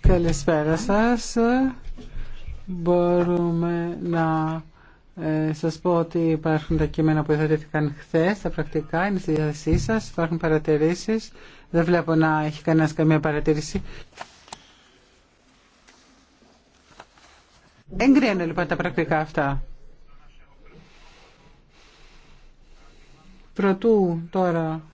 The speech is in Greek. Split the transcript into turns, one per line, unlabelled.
Καλησπέρα σας. Μπορούμε να ε, σας πω ότι υπάρχουν τα κείμενα που υιοθετήθηκαν χθες, τα πρακτικά είναι στη διάθεσή σας, υπάρχουν παρατηρήσεις. Δεν βλέπω να έχει κανένας καμία παρατηρήση. Εγκρίνω λοιπόν τα πρακτικά αυτά. Προτού
τώρα